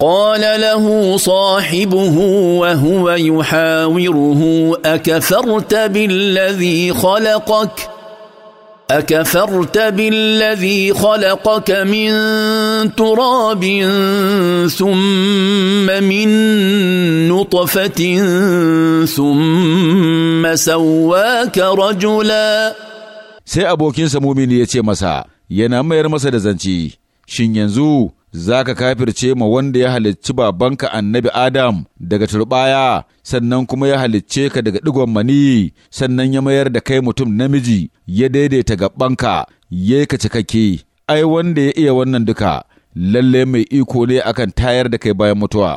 قال له صاحبه وهو يحاوره اكفرت بالذي خلقك اكفرت بالذي خلقك من تراب ثم من نطفه ثم سواك رجلا سي ابوكين سمومين ya ce masa yana mayar masa da zance za ka kafirce ma wanda ya halicci babanka annabi Adam daga turbaya, sannan kuma ya halicce ka daga digon mani, sannan ya mayar da kai mutum namiji, ya daidaita gabanka, ya ka cikakke, ai wanda ya iya wannan duka, lalle mai iko ne akan tayar da kai bayan mutuwa.